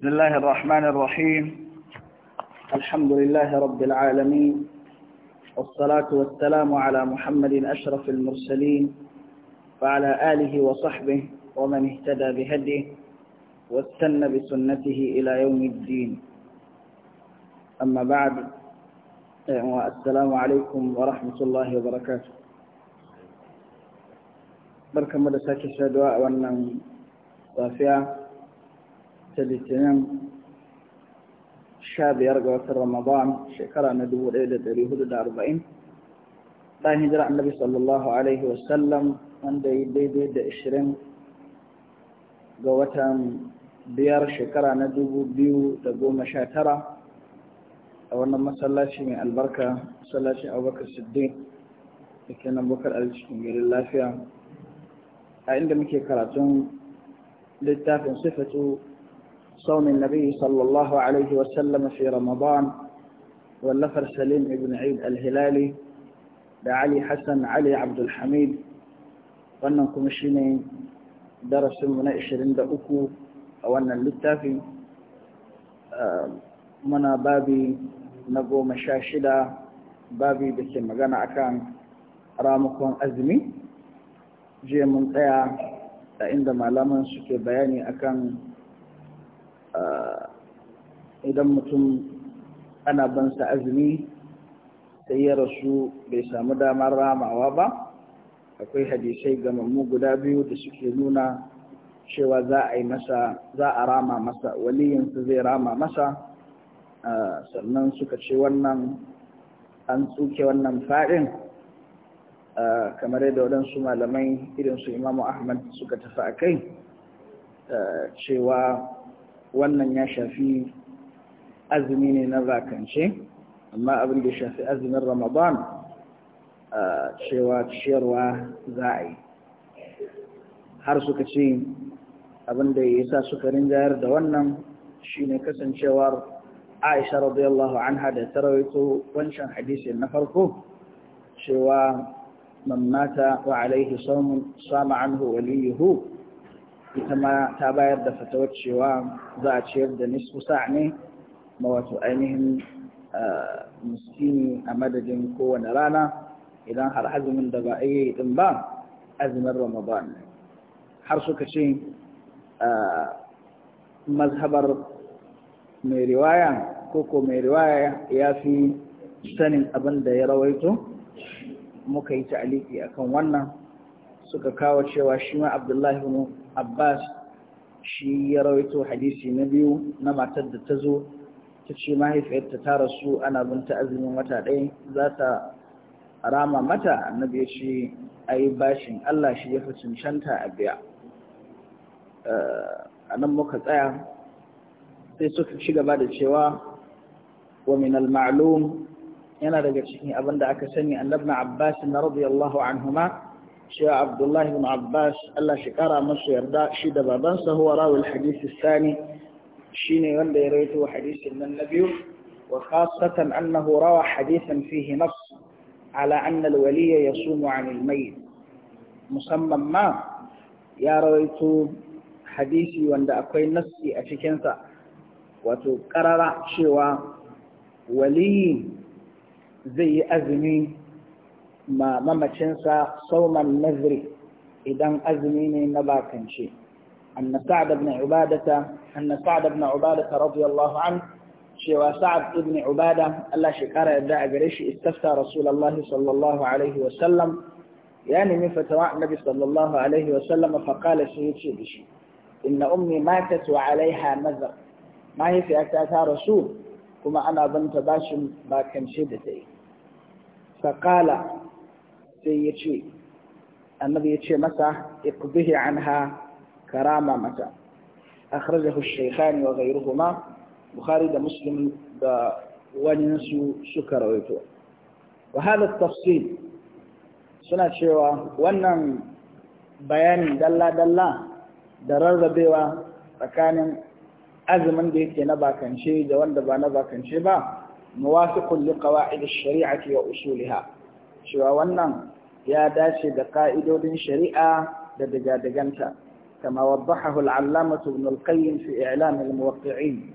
بسم الله الرحمن الرحيم الحمد لله رب العالمين والصلاة والسلام على محمد أشرف المرسلين وعلى آله وصحبه ومن اهتدى بهديه واستنى بسنته إلى يوم الدين أما بعد السلام عليكم ورحمة الله وبركاته بركة مدساك الشهدواء وأنم صافية ta sha biyar ga watan ramadan shekara na dubu ɗaya da ɗari hudu da arba'in bayan hijira annabi sallallahu alaihi wasallam wanda yi daidai da ashirin ga watan biyar shekara na dubu biyu da goma sha tara a wannan masallaci mai albarka masallacin abubakar siddiq da ke nan bukar cikin garin lafiya a inda muke karatun littafin sifatu صوم النبي صلى الله عليه وسلم في رمضان واللفر سليم بن عيد الهلالي لعلي حسن علي عبد الحميد وأنكم كمشيني درس من إشرين دأكو أو أن اللتافي آه، منا بابي نبو مشاشدة بابي da ke أكان رامكم أزمي جي منطيع عندما لمن سكي بياني أكان Ah, idan mutum ana ban sa azumi sai ya rasu bai samu damar ramawa ba akwai hadisai ga gamammu guda biyu da suke nuna cewa za a yi masa rama masa waliyansu zai rama masa ah, sannan suka ce wannan an tsuke wannan faɗin ah, kamar yadda waɗansu malamai irinsu imamu ahmad suka tafi a kai cewa wannan ya shafi azumi ne na zakance amma abin da ya shafi azumin ramadan cewa ciyarwa za a yi har suka ce abin da ya sa suka rinjayar da wannan shine kasancewar aisha radiyallahu anha da ta rawaito wancan hadisi na farko cewa man mata wa alaihi sawmun sama anhu waliyuhu ita ma ta bayar da fatawar cewa za a ciyar da nisfu sa ne ma wato ainihin miskini a madadin kowane rana idan har azumin da ba a yi din ba azumin ramadan har suka ce mazhabar mai riwaya koko mai riwaya ya fi sanin abin da ya rawaito muka yi ta'aliki akan wannan suka kawo cewa shi ma abdullahi abbas shi ya rawaito hadisi na biyu na matar da ta zo ta ce mahaifiyarta ta rasu ana binta azumin wata ɗaya za ta rama mata annabi ya ce a yi bashin allah shi ya fi cancanta a biya eh, a nan muka tsaya sai suka ci gaba da cewa wa min al-ma'lum yana daga cikin abin da aka sani annabna abbas na radiyallahu anhuma شيخ عبد الله بن عباس الله شكرا مصر يرضى شيد بابانسا هو راوي الحديث الثاني شيني وند يريته حديث من النبي وخاصة أنه روى حديثا فيه نص على أن الولي يصوم عن الميت مسمى ما يا رويت حديثي وند أكوي نصي أشكنسا وتقرر شوى ولي زي أزمي ma mamacinsa sauman nazri idan azumi ne na bakance anna sa'ad ibn ubadata anna sa'ad ibn ubadata radiyallahu an cewa sa'ad ibn ubada Allah shi kara yadda a gare shi istafta rasulullah sallallahu alaihi wa sallam ya nemi fatawa annabi sallallahu alaihi wa sallam fa qala shi yace dashi inna ummi matat wa alaiha nazar mahaifiyata ta rasu kuma ana banta bashin bakance da ta yi faƙala sai ya ce annabi ya ce masa iqdihi anha karama mata akhrajahu ash-shaykhan wa ghayruhuma bukhari da muslim da wani su suka rawaito wa hada tafsil suna cewa wannan bayanin dalla-dalla da rarrabewa tsakanin azumin da yake na bakance da wanda ba na bakance ba muwafiqun liqawa'id ash-shari'ati wa usuliha cewa wannan ya dace da ka'idodin shari'a da diga-diganta kama waddahahu al'allamatu ibn al-qayyim fi i'lam muwaqqiin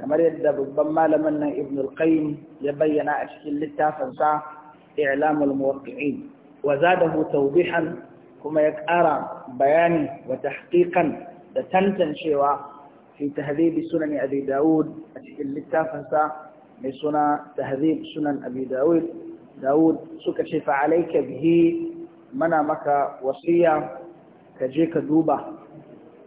kamar yadda babban malamin nan ibn al-qayyim ya bayyana a cikin littafin sa i'lam al-muwaqqi'in wa zadahu tawbihan kuma ya ƙara bayani wa tahqiqan da tantancewa في تهذيب a cikin داود أشكل للتافنسة لسنة تهذيب سنن أبي داود Dawud suka ce fa'alaika bihi mana maka wasiya ka je ka duba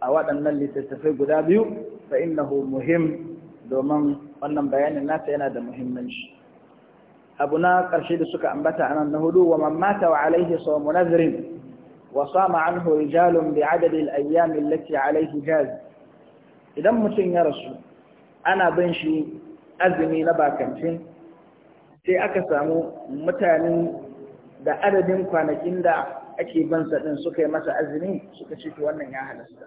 a waɗannan littattafai guda biyu fa innahu muhim domin wannan bayanin nata yana da muhimmanci abu na ƙarshe da suka ambata anan na hudu wa man wa alaihi sawmu nadhrin wa sama anhu rijalun bi adadi al-ayyam allati alaihi jaz idan mutum ya rasu ana bin shi azumi na bakancin sai aka samu mutanen da adadin kwanakin da ake bansa ɗin suka yi masa azumi suka ce wannan ya halasta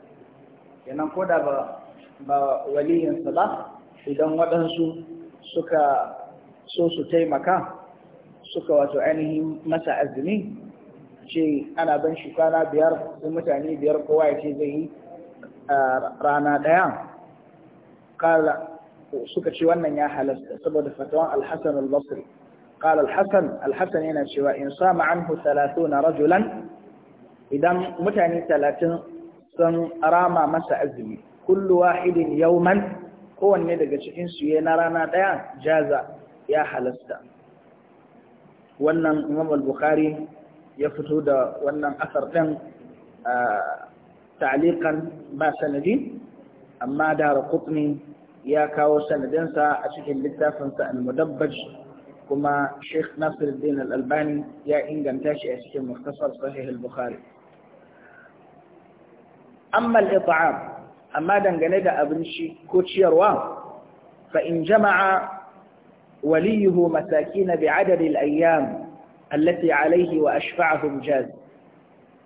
kenan ko da ba ba ba idan waɗansu suka so su taimaka suka wato ainihin masa azumi ce ana ban shi kwana biyar sai mutane biyar kowa ya ce zai yi rana ɗaya kala suka ce wannan ya halasta saboda fatawan al-Hasan al-Basri قال الحسن الحسن yana cewa in sama anhu 30 rajulan idan mutane talatin sun rama masa azumi kullu wahidin yauman kowanne daga cikin su yana rana daya jaza ya halasta wannan Imam al-Bukhari ya fito da wannan asar din ah, ta'liqan ba sanadi amma da Qutni ya kawo sanadinsa a cikin littafinsa al-mudabbaj kuma Sheikh Nasiruddin Al-Albani ya inganta shi a cikin Mukhtasar Sahih Al-Bukhari amma al-it'am amma dangane da abinci ko ciyarwa fa in jama'a waliyuhu masakin bi'adad al-ayyam allati alayhi wa ashfa'ahum jaz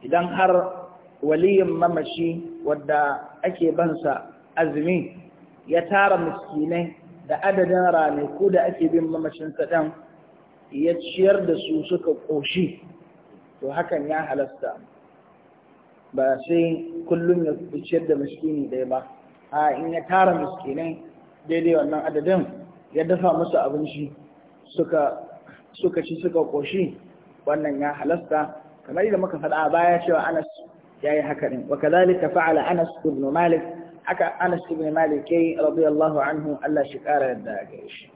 idan har waliyin mamaci wadda ake bansa azumi ya tara miskinai da adadin ranaku da ake bin mamacin ɗan ya ciyar da su suka ƙoshi to hakan ya halasta ba sai kullum ya ciyar da miskini ɗaya ba a in ya tara miskinai daidai wannan adadin ya dafa musu abinci suka suka ci suka ƙoshi wannan ya halasta kamar yadda muka faɗa baya cewa Anas ya yi haka ne wa kazalika fa'ala Anas ibn Malik haka Anas ibn Malik yayi radiyallahu anhu Allah shi kara yadda gare shi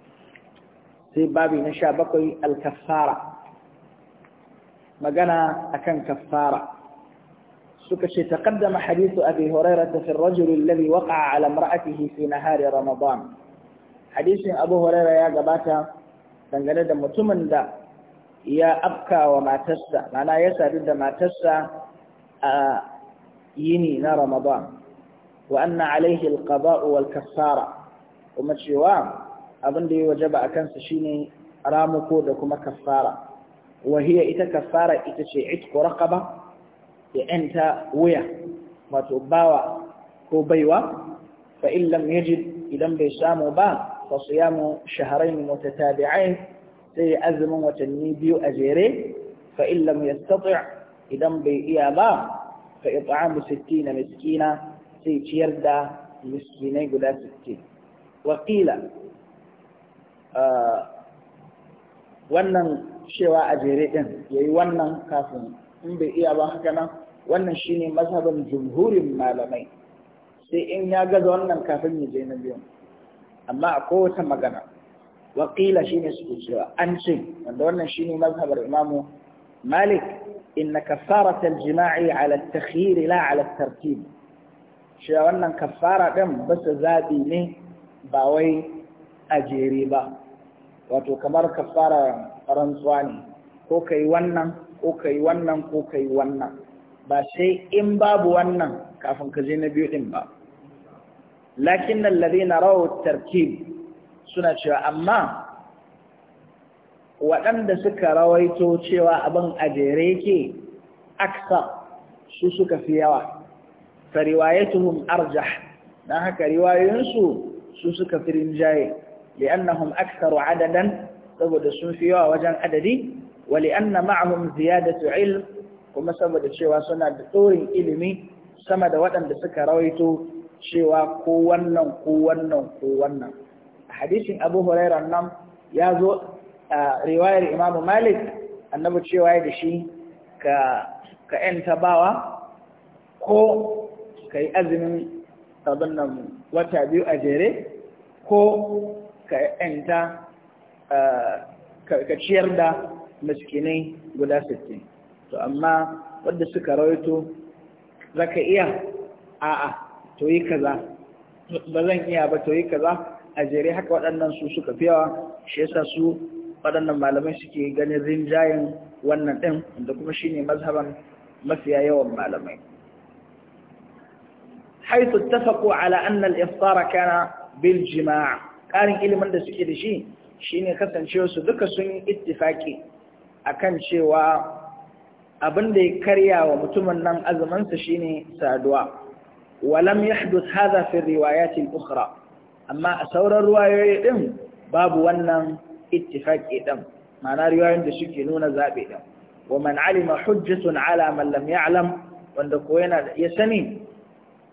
sai babi na 17 al-kaffara magana akan kaffara suka ce taqaddama hadithu Abi Hurairah fi ar-rajul alladhi waqa'a 'ala imra'atihi fi nahari Ramadan hadisin Abu Hurairah ya gabata dangane da mutumin da ya wa matarsa mana ya sadu da matarsa a yini na Ramadan wa anna alaihi alqada'u wal kaffara kuma cewa abin da ya wajaba a kansa shine ramuko da kuma kaffara wa ita kaffara ita ce itqu raqaba ya anta wuya wato bawa ko baiwa fa in lam yajid idan bai samu ba fa siyamu wata mutatabi'ain sai azumin watanni biyu a jere fa in lam yastati' idan bai iya ba fa it'amu 60 miskina sai ciyar da miskinai guda 60 wakila wannan cewa a jere ɗin ya yi wannan kafin in bai iya ba haka nan wannan shi shine mazhabin jumhurin malamai sai in ya gaza wannan kafin ya je na biyu amma a kowace magana wakila shine suke cewa an ce wanda wannan shi ne mazhabar imamu malik inna kafaratal jima'i ala at-takhyir la ala cewa wannan kafara ɗin ba su zaɓi ne ba wai a jere ba wato kamar kafara rantsuwa ne ko ka yi wannan ko ka yi wannan ko ka yi wannan ba sai in babu wannan kafin ka je na biyu ɗin ba lakin nan, na rawar suna cewa amma waɗanda suka rawaito cewa abin a jere yake aksa su suka fi yawa fariwayatuhum arjah dan haka riwayoyinsu su suka fi rinjaye li'annahum aktharu adadan saboda sun yawa wajen adadi wa li'anna ma'ahum kuma saboda cewa suna da tsorin ilimi sama da waɗanda suka rawaito cewa ko wannan ko wannan Abu Hurairah nan ya zo a riwayar annabi da shi ka ka bawa ko ka yi azumin abin nan wata biyu a jere ko ka yanta ka ciyar da maskinai guda sittin to amma wadda suka rawaito za ka iya a'a to yi kaza ba zan iya ba to yi kaza a jere haka waɗannan su suka fiyawa shi yasa su waɗannan malamai suke ganin rinjayen wannan ɗin da kuma shine mazhaban mafiya yawan malamai حيث اتفقوا على أن الإفطار كان بالجماع قارن إلي من دسكي دشي شيني كسن شيو سدك سن اتفاقي أكن شيوا أبن دي كريا ومتمن نم أزمن سشيني سادوا ولم يحدث هذا في الروايات الأخرى أما أسور الرواية إم باب ونن اتفاقي إم معنى رواية دسكي نون زابي إم ومن علم حجة على من لم يعلم وندقوين يسنين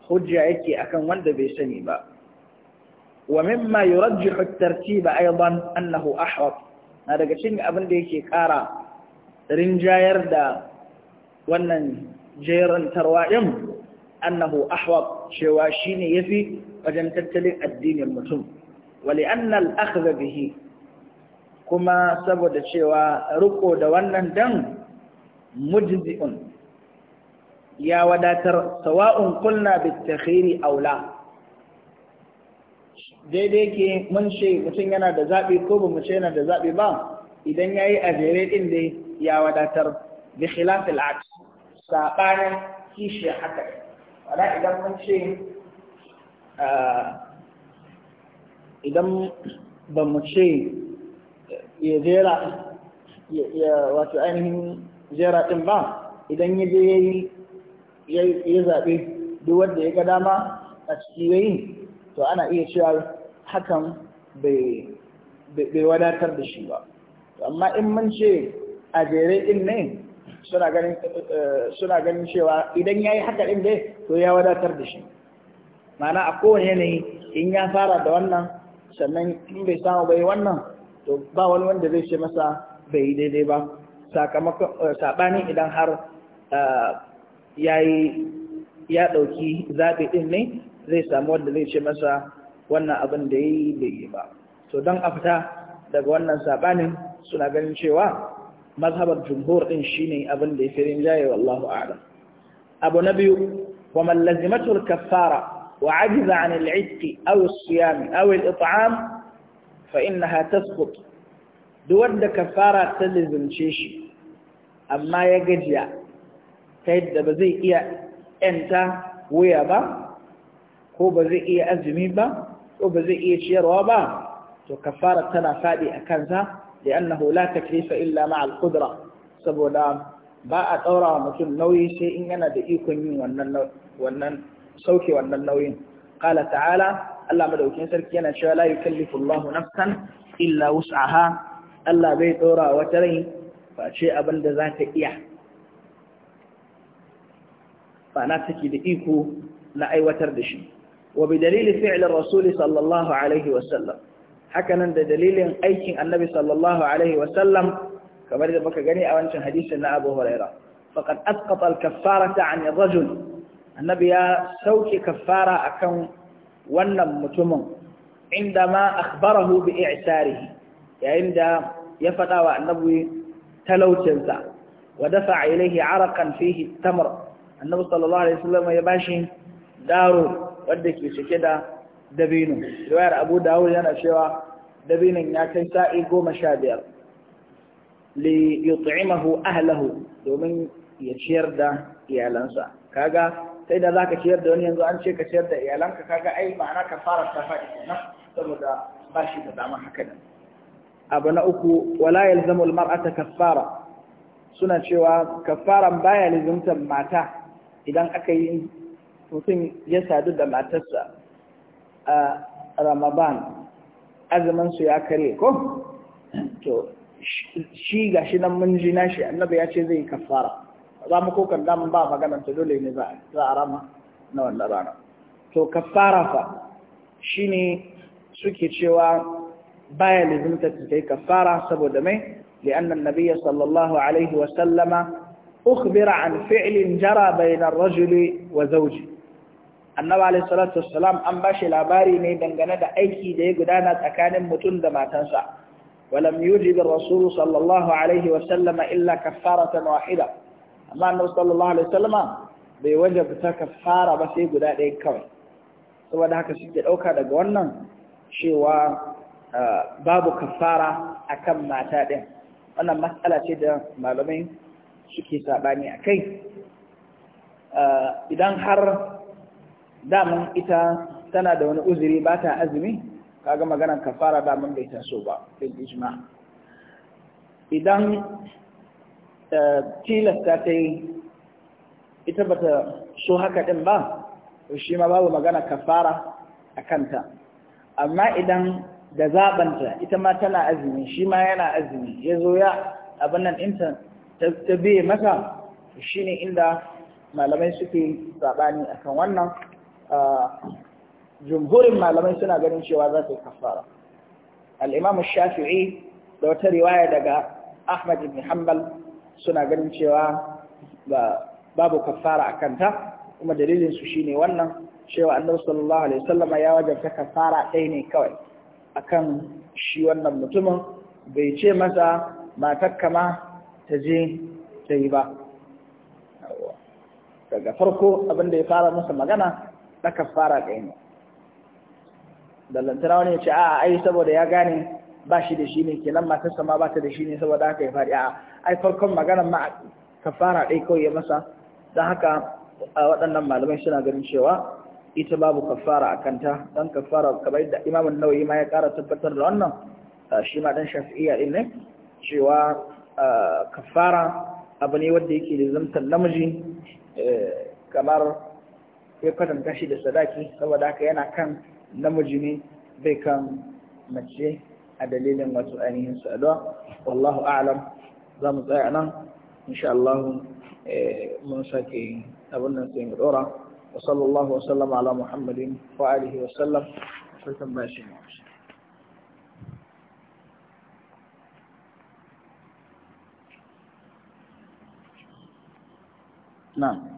hujja yake akan wanda bai sani ba wa mimma yurajjihu at-tartib aidan annahu ahwat na daga cikin abin da yake kara rinjayar da wannan jeran tarwa'in annahu ahwat cewa shine yafi wajen tattalin addinin mutum wali anna al-akhdha bihi kuma saboda cewa riko da wannan dan mujzi'un ya wadatar sawa'un kulna bitakhiri aula daidai ke mun ce mutum yana da zaɓi ko ba mu ce yana da zaɓi ba idan ya yi a ɗin dai ya wadatar bi khilafil aks saɓanin kishi haka wala idan mun ce idan ba mu ce ya jera wato ainihin jera ɗin ba idan ya je ya yi ya zaɓe duk wanda ya ga dama a ciki yayi to ana iya cewa hakan bai wadatar da shi ba amma in mun ce a jere din ne eh, suna ganin cewa idan ya yi haka din dai to ya wadatar da shi mana a kowane yanayi in ya fara da wannan sannan in bai samu bai wannan to ba wani wanda zai ce masa bai daidai ba sakamakon eh, saɓani idan har eh, yayi ya ɗauki zaɓi ɗin ne zai samu wanda zai ce masa wannan abin da ya yi bai yi ba to don a fita daga wannan saɓanin suna ganin cewa mazhabar jumhur ɗin shi ne abin da ya fi rinjaye wallahu a'lam abu na biyu wa mallazimatul kaffara wa ajiza an al'idqi aw as-siyam aw al-it'am fa innaha tasqut duk wanda kaffara ta lizimce shi amma ya gajiya ta yadda ba zai iya ‘yanta wuya ba ko ba zai iya azumi ba ko ba zai iya ciyarwa ba to kafara tana faɗi a kansa da hula ta taklifa illa ma'al qudra saboda ba a ɗaura wa mutum nauyi sai in yana da ikon yin wannan sauke wannan nauyin qala ta'ala Allah madaukin sarki yana cewa la yukallifu Allahu nafsan illa wus'aha Allah bai ɗora wata rai face abin da za ta iya ma'ana take da iko na aiwatar da shi wa bi dalili fi'l rasuli sallallahu alaihi wa sallam hakanan da dalilin aikin annabi sallallahu alaihi wa sallam kamar da muka gani a wancan hadisin na Abu Huraira faqad asqata al ta 'an ar-rajul annabi ya sauke kaffara akan wannan mutumin inda ma akhbarahu bi i'sarihi yayin da ya fada wa annabi talaucinsa wa dafa ilayhi araqan fihi tamr annabi sallallahu alaihi wasallam ya bashi daro wanda ke cike da dabino riwayar abu dawud yana cewa dabinin ya kai sa'i goma sha biyar li yut'imahu ahlahu domin ya ciyar da iyalansa kaga sai da zaka ciyar da wani yanzu an ce ka ciyar da iyalanka kaga ai ma'ana ka fara ta faɗi kenan saboda ba shi da dama haka nan abu na uku wala yalzamu almar'ata kaffara suna cewa kaffaran baya lazumtar mata idan aka yi mutum ya sadu da matarsa a ramadan azumansu ya kare ko to shi ga shi nan mun ji nashi annabi ya ce zai kafara za mu ko kan damun ba maganar ta dole ne za a rama na wannan rana to kafara fa shine suke cewa baya lazimta ta yi kafara saboda mai li'annan nabiya sallallahu alaihi wa sallama أخبر عن فعل جرى بين الرجل وزوجه annabi alayhi salatu wassalam an bashi labari ne dangane da aiki da ya gudana tsakanin mutum da matansa walam yujib ar-rasul sallallahu alaihi wa sallam illa kaffaratan wahida amma annabi sallallahu alaihi wasallama bai wajabta kaffara ba sai guda ɗaya kawai saboda haka suke ɗauka daga wannan cewa babu kaffara akan mata ɗin wannan matsala ce da malamai suke saɓani a kai eh, idan har daman ita tana da wani uzuri ba ta azumi kaga maganar kafara daman bai taso ba fil ijma idan eh, tilasta ta yi ita bata so haka ɗin ba to shi ma babu magana kafara a kanta amma idan da zaɓanta ita ma tana azumi shi ma yana azumi ya zo ya abin nan intan ta masa masa shine inda malamai suke a akan wannan jumhurin malamai suna ganin cewa za ta yi kafara al'imam shafi'i da wata riwaya daga ahmad ibn hanbal suna ganin cewa babu kafara a kanta kuma dalilinsu shine wannan cewa annabi sallallahu alaihi wasallama ya wajabta kafara ɗaya ne kawai akan shi wannan mutumin bai ce masa matakka ma ta je ta yi ba daga farko abinda ya fara masa magana na kafara ɗaya dallantara wani ya ce a ai saboda ya gane ba shi da shi ne kenan matarsa ma ba ta da shi ne saboda haka ya fari a ai farkon maganar ma ka fara ɗaya kawai ya masa don haka waɗannan malamai suna ganin cewa ita babu kafara a kanta don kafara kamar da imamun nauyi ma ya ƙara tabbatar da wannan shi ma ɗan shafi'iyya ɗin ne cewa kafara abu ne wanda yake da zamtar namiji eh, kamar ya kwatanta shi da sadaki saboda haka yana kan namiji ne bai kan mace a dalilin wasu ainihin saduwa wallahu a'lam za mu tsaya nan insha Allah eh, mun sake abin nan sai mu dora wa sallallahu wa sallama ala muhammadin wa alihi wa sallam sai tambaye shi نعم